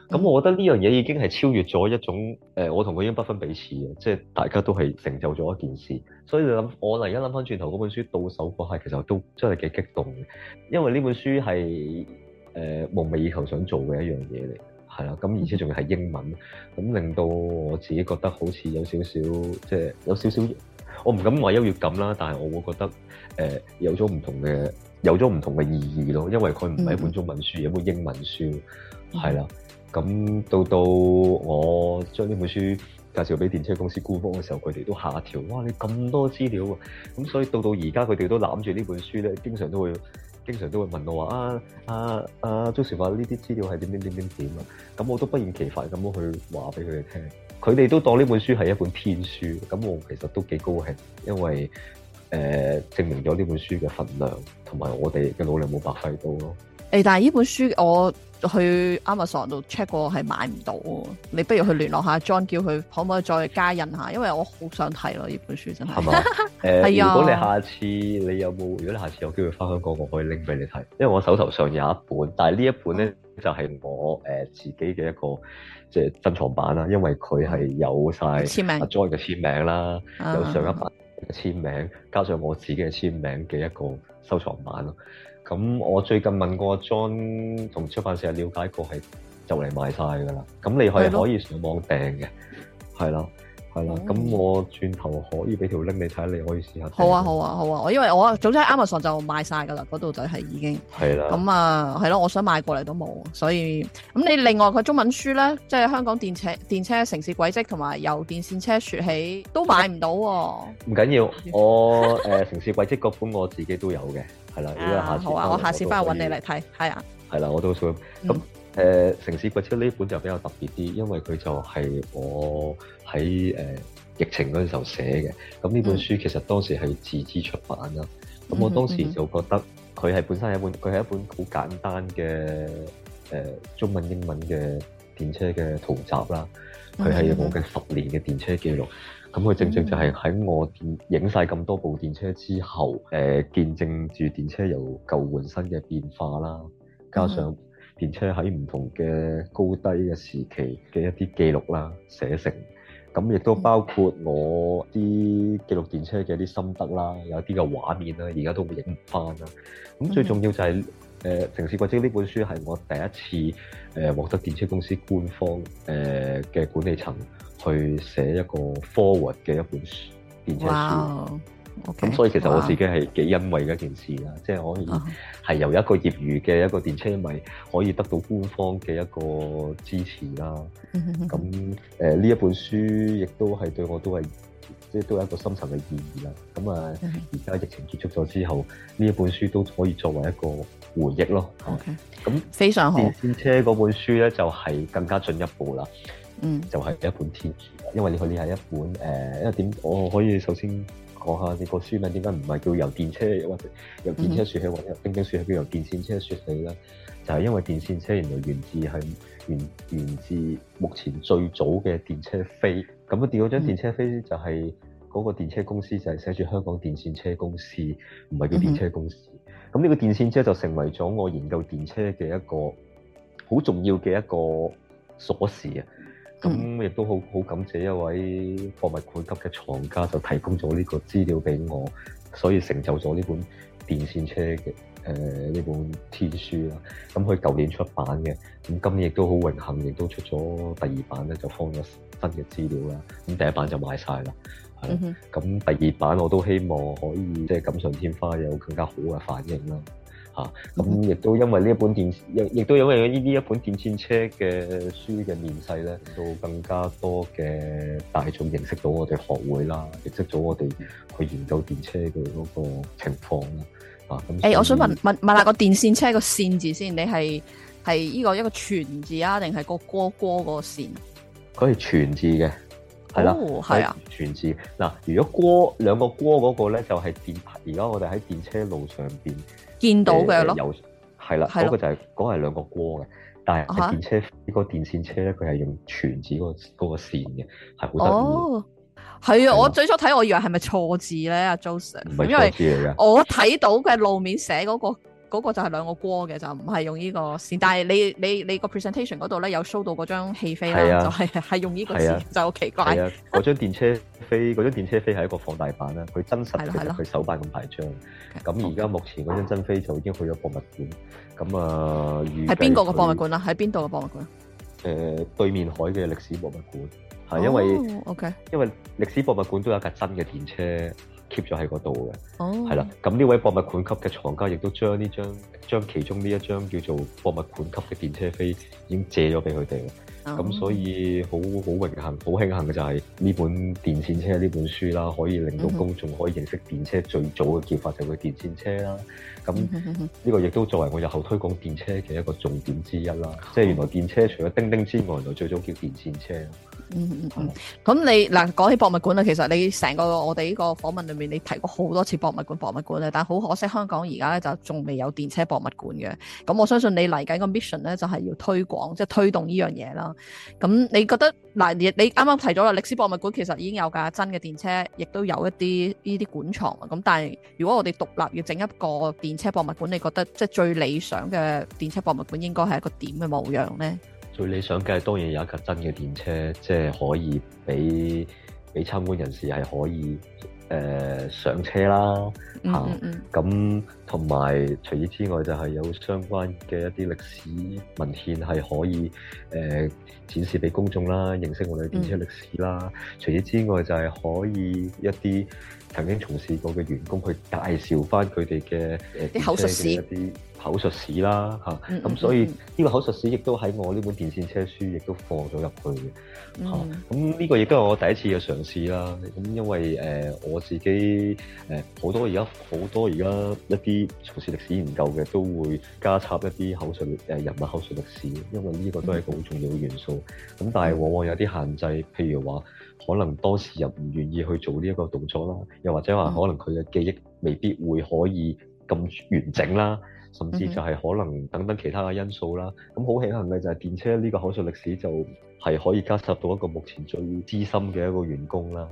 咁我覺得呢樣嘢已經係超越咗一種，誒，我同佢已經不分彼此嘅，即係大家都係成就咗一件事。所以你諗，我嚟而家諗翻轉頭嗰本書到手嗰下，其實都真係幾激動嘅，因為呢本書係誒夢寐以求想做嘅一樣嘢嚟，係啦。咁而且仲要係英文，咁令到我自己覺得好似有少少，即係有少少，我唔敢話優越感啦，但係我會覺得誒有咗唔同嘅。有咗唔同嘅意義咯，因為佢唔係一本中文書，係一本英文書，係啦。咁到到我將呢本書介紹俾電車公司官方嘅時候，佢哋都嚇一跳，哇！你咁多資料啊！咁所以到到而家佢哋都攬住呢本書咧，經常都會經常都會問我話啊啊啊！朱、啊啊、時茂呢啲資料係點點點點點啊！咁我都不厭其煩咁去話俾佢哋聽，佢哋都當呢本書係一本天書，咁我其實都幾高興，因為。誒，證明咗呢本書嘅份量，同埋我哋嘅努力冇白費到咯。誒，但係呢本書我去 Amazon 度 check 過係買唔到，你不如去聯絡下 John，叫佢可唔可以再加印下，因為我好想睇咯，呢本書真係。係嘛？啊、呃。 呀如果你下次你有冇，如果你下次有機會翻香港，我可以拎俾你睇，因為我手頭上有一本，但係呢一本咧就係、是、我誒、呃、自己嘅一個即係珍藏版啦，因為佢係有晒 John 嘅簽名啦，有上一版。啊啊啊簽名加上我自己嘅簽名嘅一個收藏版咯。咁我最近問過 John，同出版社了解過係就嚟賣晒㗎啦。咁你可以可以上網訂嘅，係咯的。咁我轉頭可以俾條 link 你睇，你可以試下睇下。好啊，好啊，好啊！我因為我總之喺 Amazon 就賣晒噶啦，嗰度就係已經係啦。咁啊，係咯、嗯嗯啊，我想買過嚟都冇，所以咁你另外個中文書咧，即係香港電車電車城市軌跡同埋由電線車説起都買唔到喎。唔緊要，我誒、呃、城市軌跡嗰本我自己都有嘅，係啦、啊。 下啊，好啊，啊我下次翻去揾你嚟睇，係啊。係啦、啊，我都想咁。嗯誒、呃、城市軌車呢本就比較特別啲，因為佢就係我喺、呃、疫情嗰陣時候寫嘅。咁呢本書其實當時係自資出版啦。咁我當時就覺得佢係本身一本，佢係一本好簡單嘅、呃、中文英文嘅電車嘅圖集啦。佢係我嘅十年嘅電車記錄。咁佢正正就係喺我影晒咁多部電車之後，誒、呃、見證住電車由舊換新嘅變化啦，加上，電車喺唔同嘅高低嘅時期嘅一啲記錄啦，寫成咁，亦都包括我啲記錄電車嘅一啲心得啦，有啲嘅畫面啦，而家都影唔翻啦。咁最重要就係誒，嗯呃《城市軌迹》呢本書係我第一次誒獲、呃、得電車公司官方誒嘅、呃、管理層去寫一個 forward 嘅一本書，電車書。咁 Okay，所以其實我自己係幾欣慰嘅一件事啦，即係可以係由一個業餘嘅一個電車迷可以得到官方嘅一個支持啦。咁誒呢一本書亦都係對我都係即係都係一個深層嘅意義啦。咁啊而家疫情結束咗之後，呢一本書都可以作為一個回憶咯。咁非常好。電車嗰本書咧就係更加進一步啦。嗯，就係一本天書，因為你可以係一本誒，因為點我可以首先。講下你個書名點解唔係叫由電車或者由電車說起，或者叮叮說起，叫由電線車說起咧？就係因為電線車原來源自係源源自目前最早嘅電車飛。咁啊，第二張電車飛就係嗰個電車公司，就係寫住香港電線車公司，唔係叫電車公司。咁呢個電線車就成為咗我研究電車嘅一個好重要嘅一個鎖匙啊！咁亦、嗯、都好好感謝一位博物館級嘅藏家就提供咗呢個資料俾我，所以成就咗呢本電線車嘅呢、呃、本天書啦。咁佢舊年出版嘅，咁今年亦都好榮幸，亦都出咗第二版咧，就放咗新嘅資料啦。咁第一版就賣晒啦，咁、嗯、哼第二版我都希望可以即係錦上添花，有更加好嘅反應啦。咁亦、啊、都因為呢一本電，亦、亦都因為呢呢一本電線車嘅書嘅面世咧，令到更加多嘅大眾認識到我哋學會啦，認識咗我哋去研究電車嘅嗰個情況啦。啊，咁誒、欸，我想問問問下個電線車個線字先，你係係呢個一個全字啊，定係個戈戈個線？佢係全字嘅，係啦，係啊、哦，全字嗱的、啊。如果戈兩個戈嗰個咧，就係、是、電。而家我哋喺電車路上面。見到嘅咯，係啦、呃，嗰、呃、的個就係嗰係兩個鍋嘅，但係電車呢、啊、個電綫車咧，佢係用全子嗰個嗰個綫嘅，係好得意。哦，係啊，的我最初睇我以為係咪錯字咧，阿 Joseph 唔係錯字嚟嘅，因為我睇到嘅路面寫嗰、那個。嗰個就係兩個鍋嘅，就唔係用呢個線，但係你你你個 presentation 嗰度咧有 show 到嗰張戲飛啦，就係係用呢個線，就好奇怪。嗰張電車飛，嗰張電車飛係一個放大版啦，佢真實係佢手辦咁大張。咁而家目前嗰張真飛就已經去咗博物館。咁啊，係邊個嘅博物館啦？喺邊度嘅博物館？誒，對面海嘅歷史博物館。係因為 OK，因為歷史博物館都有架真嘅電車。keep 咗喺個度嘅，係啦、oh.。咁呢位博物館級嘅藏家亦都將呢張，將其中呢一張叫做博物館級嘅電車飛，已經借咗俾佢哋。咁、oh. 所以好好榮幸、好慶幸嘅就係呢本電線車呢本書啦，可以令到公眾可以認識電車最早嘅叫法就係電線車啦。咁呢個亦都作為我日後推廣電車嘅一個重點之一啦。Oh. 即係原來電車除咗叮叮之外，原來最早叫電線車。嗯嗯嗯，咁、嗯嗯、你嗱講起博物館啦，其實你成個我哋呢個訪問裏面，你提過好多次博物館、博物館咧，但係好可惜，香港而家咧就仲未有電車博物館嘅。咁我相信你嚟緊個 mission 咧，就係要推廣，即、就、係、是、推動呢樣嘢啦。咁你覺得嗱，你啱啱提咗個歷史博物館，其實已經有架真嘅電車，亦都有一啲呢啲館藏。咁但係如果我哋獨立要整一個電車博物館，你覺得即係最理想嘅電車博物館應該係一個點嘅模樣咧？佢理想嘅，當然有一架真嘅電車，即係可以俾俾參觀人士係可以誒上車啦，嚇，咁同埋除此之外就係有相關嘅一啲歷史文獻，係可以誒展示俾公眾啦，認識我哋電車歷史啦。嗯、除此之外就係可以一啲曾經從事過嘅員工去介紹翻佢哋嘅誒誒口述史。口述史啦，嚇、啊、咁所以呢個口述史亦都喺我呢本電線車書亦都放咗入去嘅，嚇咁呢個亦都係我第一次嘅嘗試啦。咁因為誒、呃、我自己誒好、呃、多而家好多而家一啲從事歷史研究嘅都會加插一啲口述誒人物口述歷史，因為呢個都係一個好重要嘅元素。咁但係往往有啲限制，譬如話可能當時又唔願意去做呢一個動作啦，又或者話可能佢嘅記憶未必會可以咁完整啦。甚至就係可能等等其他嘅因素啦。咁好慶幸嘅就係電車呢個口述歷史就係可以加插到一個目前最資深嘅一個員工啦。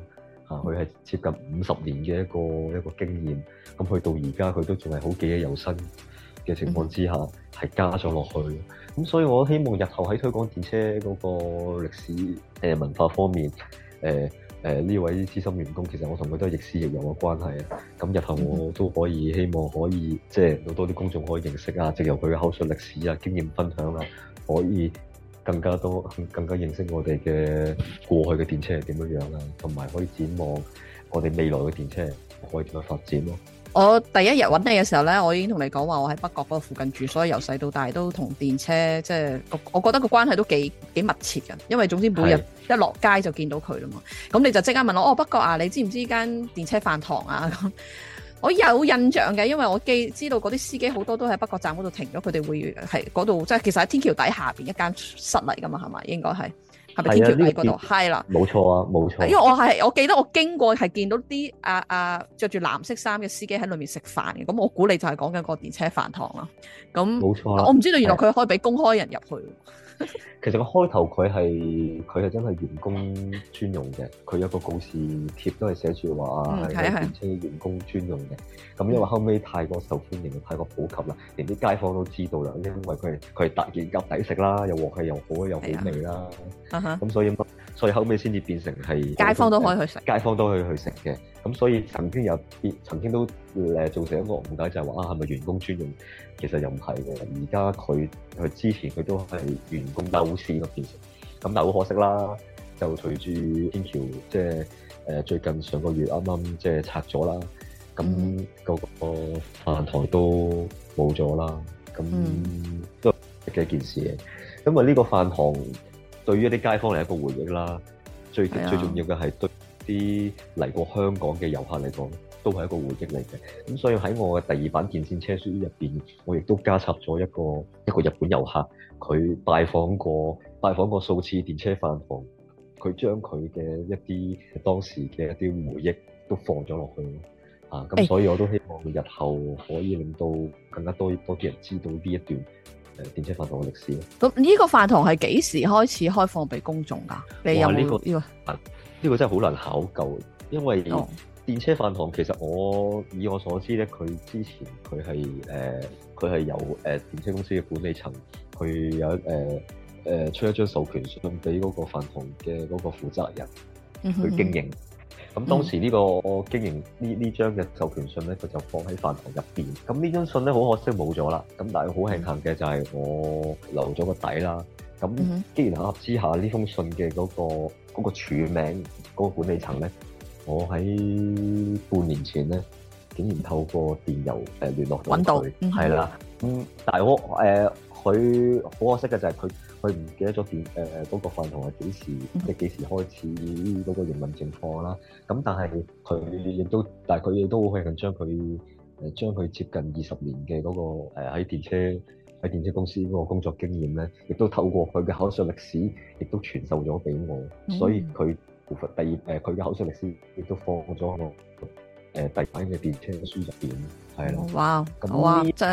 啊，佢係接近五十年嘅一個一個經驗，咁去到而家佢都仲係好記憶猶新嘅情況之下，係加咗落去。咁、嗯、所以我希望日後喺推廣電車嗰個歷史誒、呃、文化方面誒。呃誒呢、呃、位資深員工其實我同佢都係亦師亦友嘅關係啊！咁日後我都可以希望可以即係多啲公眾可以認識啊，藉由佢嘅口述歷史啊、經驗分享啊，可以更加多更加認識我哋嘅過去嘅電車係點樣樣啊，同埋可以展望我哋未來嘅電車可以點樣發展咯、啊。我第一日揾你嘅時候咧，我已經同你講話我喺北角嗰個附近住，所以由細到大都同電車即係，我覺得個關係都幾幾密切嘅，因為總之每日一落街就見到佢啦嘛。咁的你就即刻問我哦，北角啊，你知唔知間電車飯堂啊？ 咁我有印象嘅，因為我記知道嗰啲司機好多都喺北角站嗰度停咗，佢哋會係嗰度，即係其實喺天橋底下邊一間室嚟噶嘛，係咪？應該係。係咪天橋底嗰度？係啦，冇錯啊，冇錯。因為我係，我記得我經過係見到啲啊啊着住藍色衫嘅司機喺裏面食飯嘅，咁我估你就係講緊個電車飯堂啦。咁，冇錯。我唔知道原來佢可以俾公開人入去。 其實個開頭佢係佢係真係員工專用嘅，佢有一個告示貼都係寫住話係專車員工專用嘅。咁因為後尾太過受歡迎，太過普及啦，連啲街坊都知道啦，因為佢係佢係大件夾抵食啦，又鑊氣又好，又好味啦，咁、啊 uh huh. 所以應該所以後尾先至變成係街坊都可以去食，街坊都可以去食嘅。咁、嗯、所以曾經有變，曾經都誒造成一個誤解，就係、是、話啊，係咪員工專用？其實又唔係嘅。而家佢佢之前佢都係員工優先咁變成。咁但係好可惜啦，就隨住天橋即係誒最近上個月啱啱即係拆咗啦，咁、那個飯堂都冇咗啦。咁、嗯、都嘅一件事嘅，因為呢個飯堂對於一啲街坊嚟一個回憶啦。最是、啊、最重要嘅係對啲嚟過香港嘅遊客嚟講，都係一個回憶嚟嘅。咁所以喺我嘅第二版電線車書入邊，我亦都加插咗一個一個日本遊客，佢拜訪過拜訪過數次電車飯堂，佢將佢嘅一啲當時嘅一啲回憶都放咗落去。啊，咁所以我都希望日後可以令到更加多多啲人知道呢一段誒電車飯堂嘅歷史。咁呢個飯堂係幾時開始開放俾公眾噶？你有冇呢、呢個？呢個呢個真係好難考究，因為電車飯堂其實我以我所知咧，佢之前佢係誒佢係由誒、呃、電車公司嘅管理層，佢有誒誒、呃、出一張授權信俾嗰個飯堂嘅嗰個負責人去經營。咁、嗯、當時呢、這個、嗯、經營呢呢張嘅授權信咧，佢就放喺飯堂入邊。咁呢張信咧，好可惜冇咗啦。咁但係好慶幸嘅就係我留咗個底啦。咁機緣巧合之下呢封信嘅嗰、那個。嗰個署名嗰、嗰個管理層咧，我喺半年前咧，竟然透過電郵誒聯絡到佢，係啦的，嗯，嗯，但係我誒佢好可惜嘅就係佢佢唔記得咗電誒嗰、呃嗰個飯堂係幾時、嗯、即幾時開始嗰個營運情況啦，咁但係佢亦都、嗯、但係佢亦都好幸運將佢佢接近二十年嘅嗰、嗰個喺、呃、電車。喺電車公司嗰個工作經驗呢，亦都透過佢嘅口述歷史，亦都傳授咗俾我，嗯、所以佢，第二嘅口述歷史亦都放咗喺我第一版嘅電車書入面。係啦，哇！咁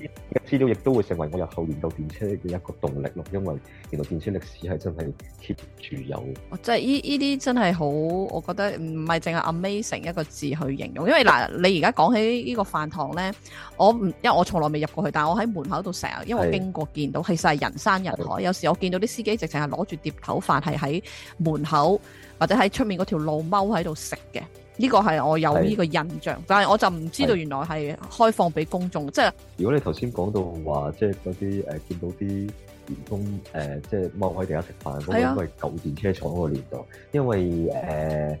呢啲資料亦都會成為我日後研究電車嘅一個動力咯，因為原來電車歷史係真係 keep 住有。即係依依啲真係好，我覺得唔係淨係 amazing 一個字去形容。因為嗱，你而家講起個飯呢個飯堂咧，我唔因為我從來未入過去，但係我喺門口度成日，因為我經過見到，是其實係人山人海。是有時我見到啲司機直情係攞住碟頭飯，係喺門口或者喺出面嗰條路踎喺度食嘅。呢個係我有呢個印象，是但係我就唔知道原來係開放俾公眾，即是、就是、如果你頭先講到話，即係嗰啲誒見到啲員工誒，即係踎喺地下食飯嗰個，應該係舊電車廠個年代，因為是、呃、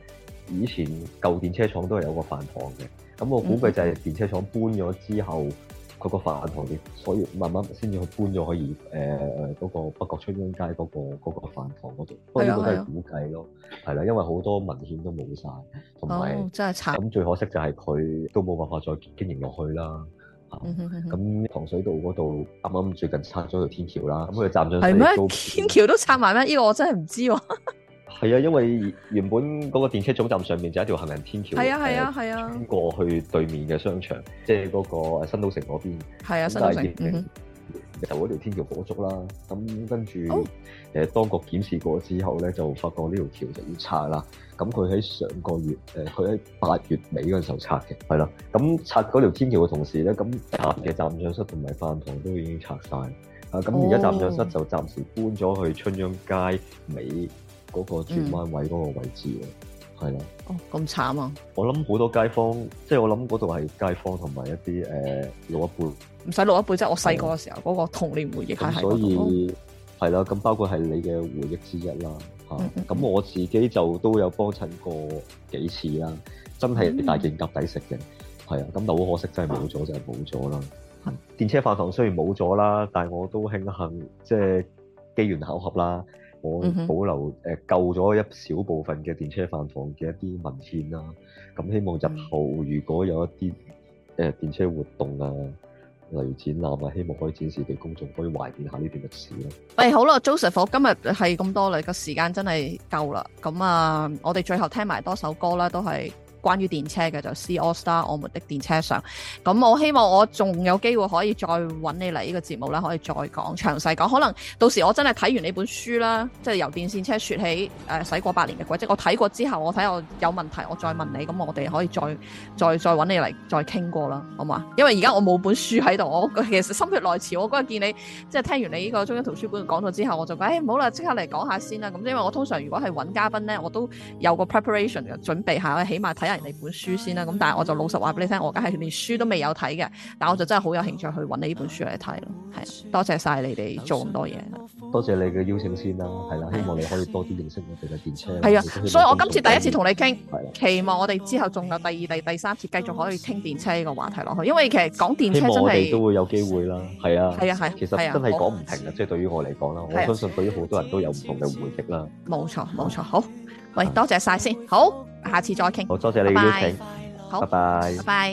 以前舊電車廠都係有個飯堂嘅，咁我估計就係電車廠搬咗之後。嗯嗰個飯堂啲，所以慢慢先至去搬咗可以，誒誒嗰個北角春秧街嗰、嗰個嗰、嗰個、飯堂嗰度，不過呢個都係估計咯，係啦，因為好多文獻都冇晒，同埋、哦、真係拆咁最可惜就係佢都冇辦法再經營落去啦。咁、嗯哼啊、糖水道嗰度啱啱最近拆咗條天橋啦，咁佢站咗係咩？天橋都拆埋咩？呢、呢個我真係唔知喎、啊。 係啊，因為原本嗰個電車總站上面就是一條行人天橋，係啊係啊係啊，係啊係啊係啊過去對面嘅商場，即係嗰個新都城嗰邊。係啊，嗯，新都城就嗰條天橋火燭啦。咁跟住誒，當局檢視過之後咧，就發覺呢條橋就要拆啦。咁佢喺上個月誒，佢喺八月尾嗰陣時候拆嘅，係啦。咁拆嗰條天橋嘅同時咧，咁站嘅站長室同埋飯堂都已經拆晒。啊，咁而家站長室就暫時搬咗去春秧街尾。美嗰個轉彎位嗰個位置嘅，係啦、嗯。的哦，咁慘啊！我諗好多街坊，即、就、係、是、我諗嗰度係街坊同埋一啲誒老一輩，唔使老一輩，即、就、係、是、我細個嘅時候嗰的個童年回憶係係咯。係啦、嗯，咁、嗯嗯、包括係你嘅回憶之一啦。嚇，咁我自己就都有幫襯過幾次啦，真係你大件夾抵食嘅，係啊。咁但好可惜真，真係冇咗就係冇咗啦。嗯、電車飯堂雖然冇咗啦，但係我都慶幸，即、就、係、是、機緣巧合啦。我保留誒、呃，救咗一小部分嘅電車飯房嘅一啲文獻啦。咁希望日後如果有一啲誒、嗯呃、電車活動啊，例如展覽啊，希望可以展示俾公眾，可以懷念下呢段歷史咯。誒、哎、好啦 Joseph 今日係咁多啦，個時間真係夠啦。咁啊，我哋最後聽埋多首歌啦，都係。關於電車嘅就 c、是、All Star 我們的電車上，咁我希望我仲有機會可以再揾你嚟呢個節目啦，可以再講詳細講，可能到時我真係睇完你本書啦，即係由電線車說起，誒、呃，駛過百年嘅軌跡，即我睇過之後，我睇我有問題，我再問你，咁我哋可以再再再揾你嚟再傾過啦，好嘛？因為而家我冇本書喺度，我其實心血來潮，我嗰日見你即係聽完你呢個中央圖書館講咗之後，我就誒唔、哎、好啦，即刻嚟講下先啦，咁因為我通常如果係揾嘉賓呢，我都有個 preparation 準備下，我起碼睇下。你本書先啦，咁但係我就老實話俾你聽，我而家係連書都未有睇嘅，但我就真係好有興趣去揾呢本書嚟睇咯。係多謝晒你哋做咁多嘢，多謝你嘅邀請先啦、啊。係啦，希望你可以多啲認識我哋嘅電車。係啊的，以所以我今次第一次同你傾，的期望我哋之後仲有第二、第第三次繼續可以傾電車呢個話題落去。因為其實講電車真係都會有機會啦。係啊，係啊，係。是的其實真係講唔停嘅，即係我對於我嚟講啦，的我相信對於好多人都有唔同嘅回憶啦。冇錯的，冇錯。好，喂的，多謝晒先。好。下次再傾。好，多謝你嘅邀請。好，拜拜。拜拜。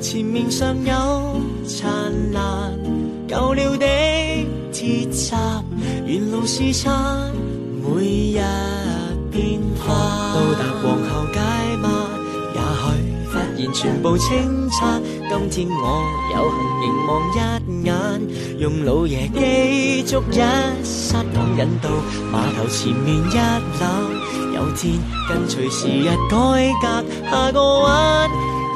前面尚有燦爛，舊了的鐵閘，沿路視察每日變化。 到達皇后街嗎？也許忽然全部清拆。今天我有幸凝望一眼，用老爺機足一剎往引渡，碼頭前面一覽，有天跟隨時日改革下個彎。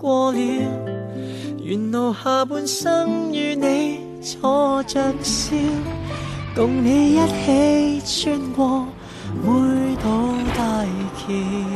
過了，沿路下半生與你坐着笑，共你一起穿過每道大橋。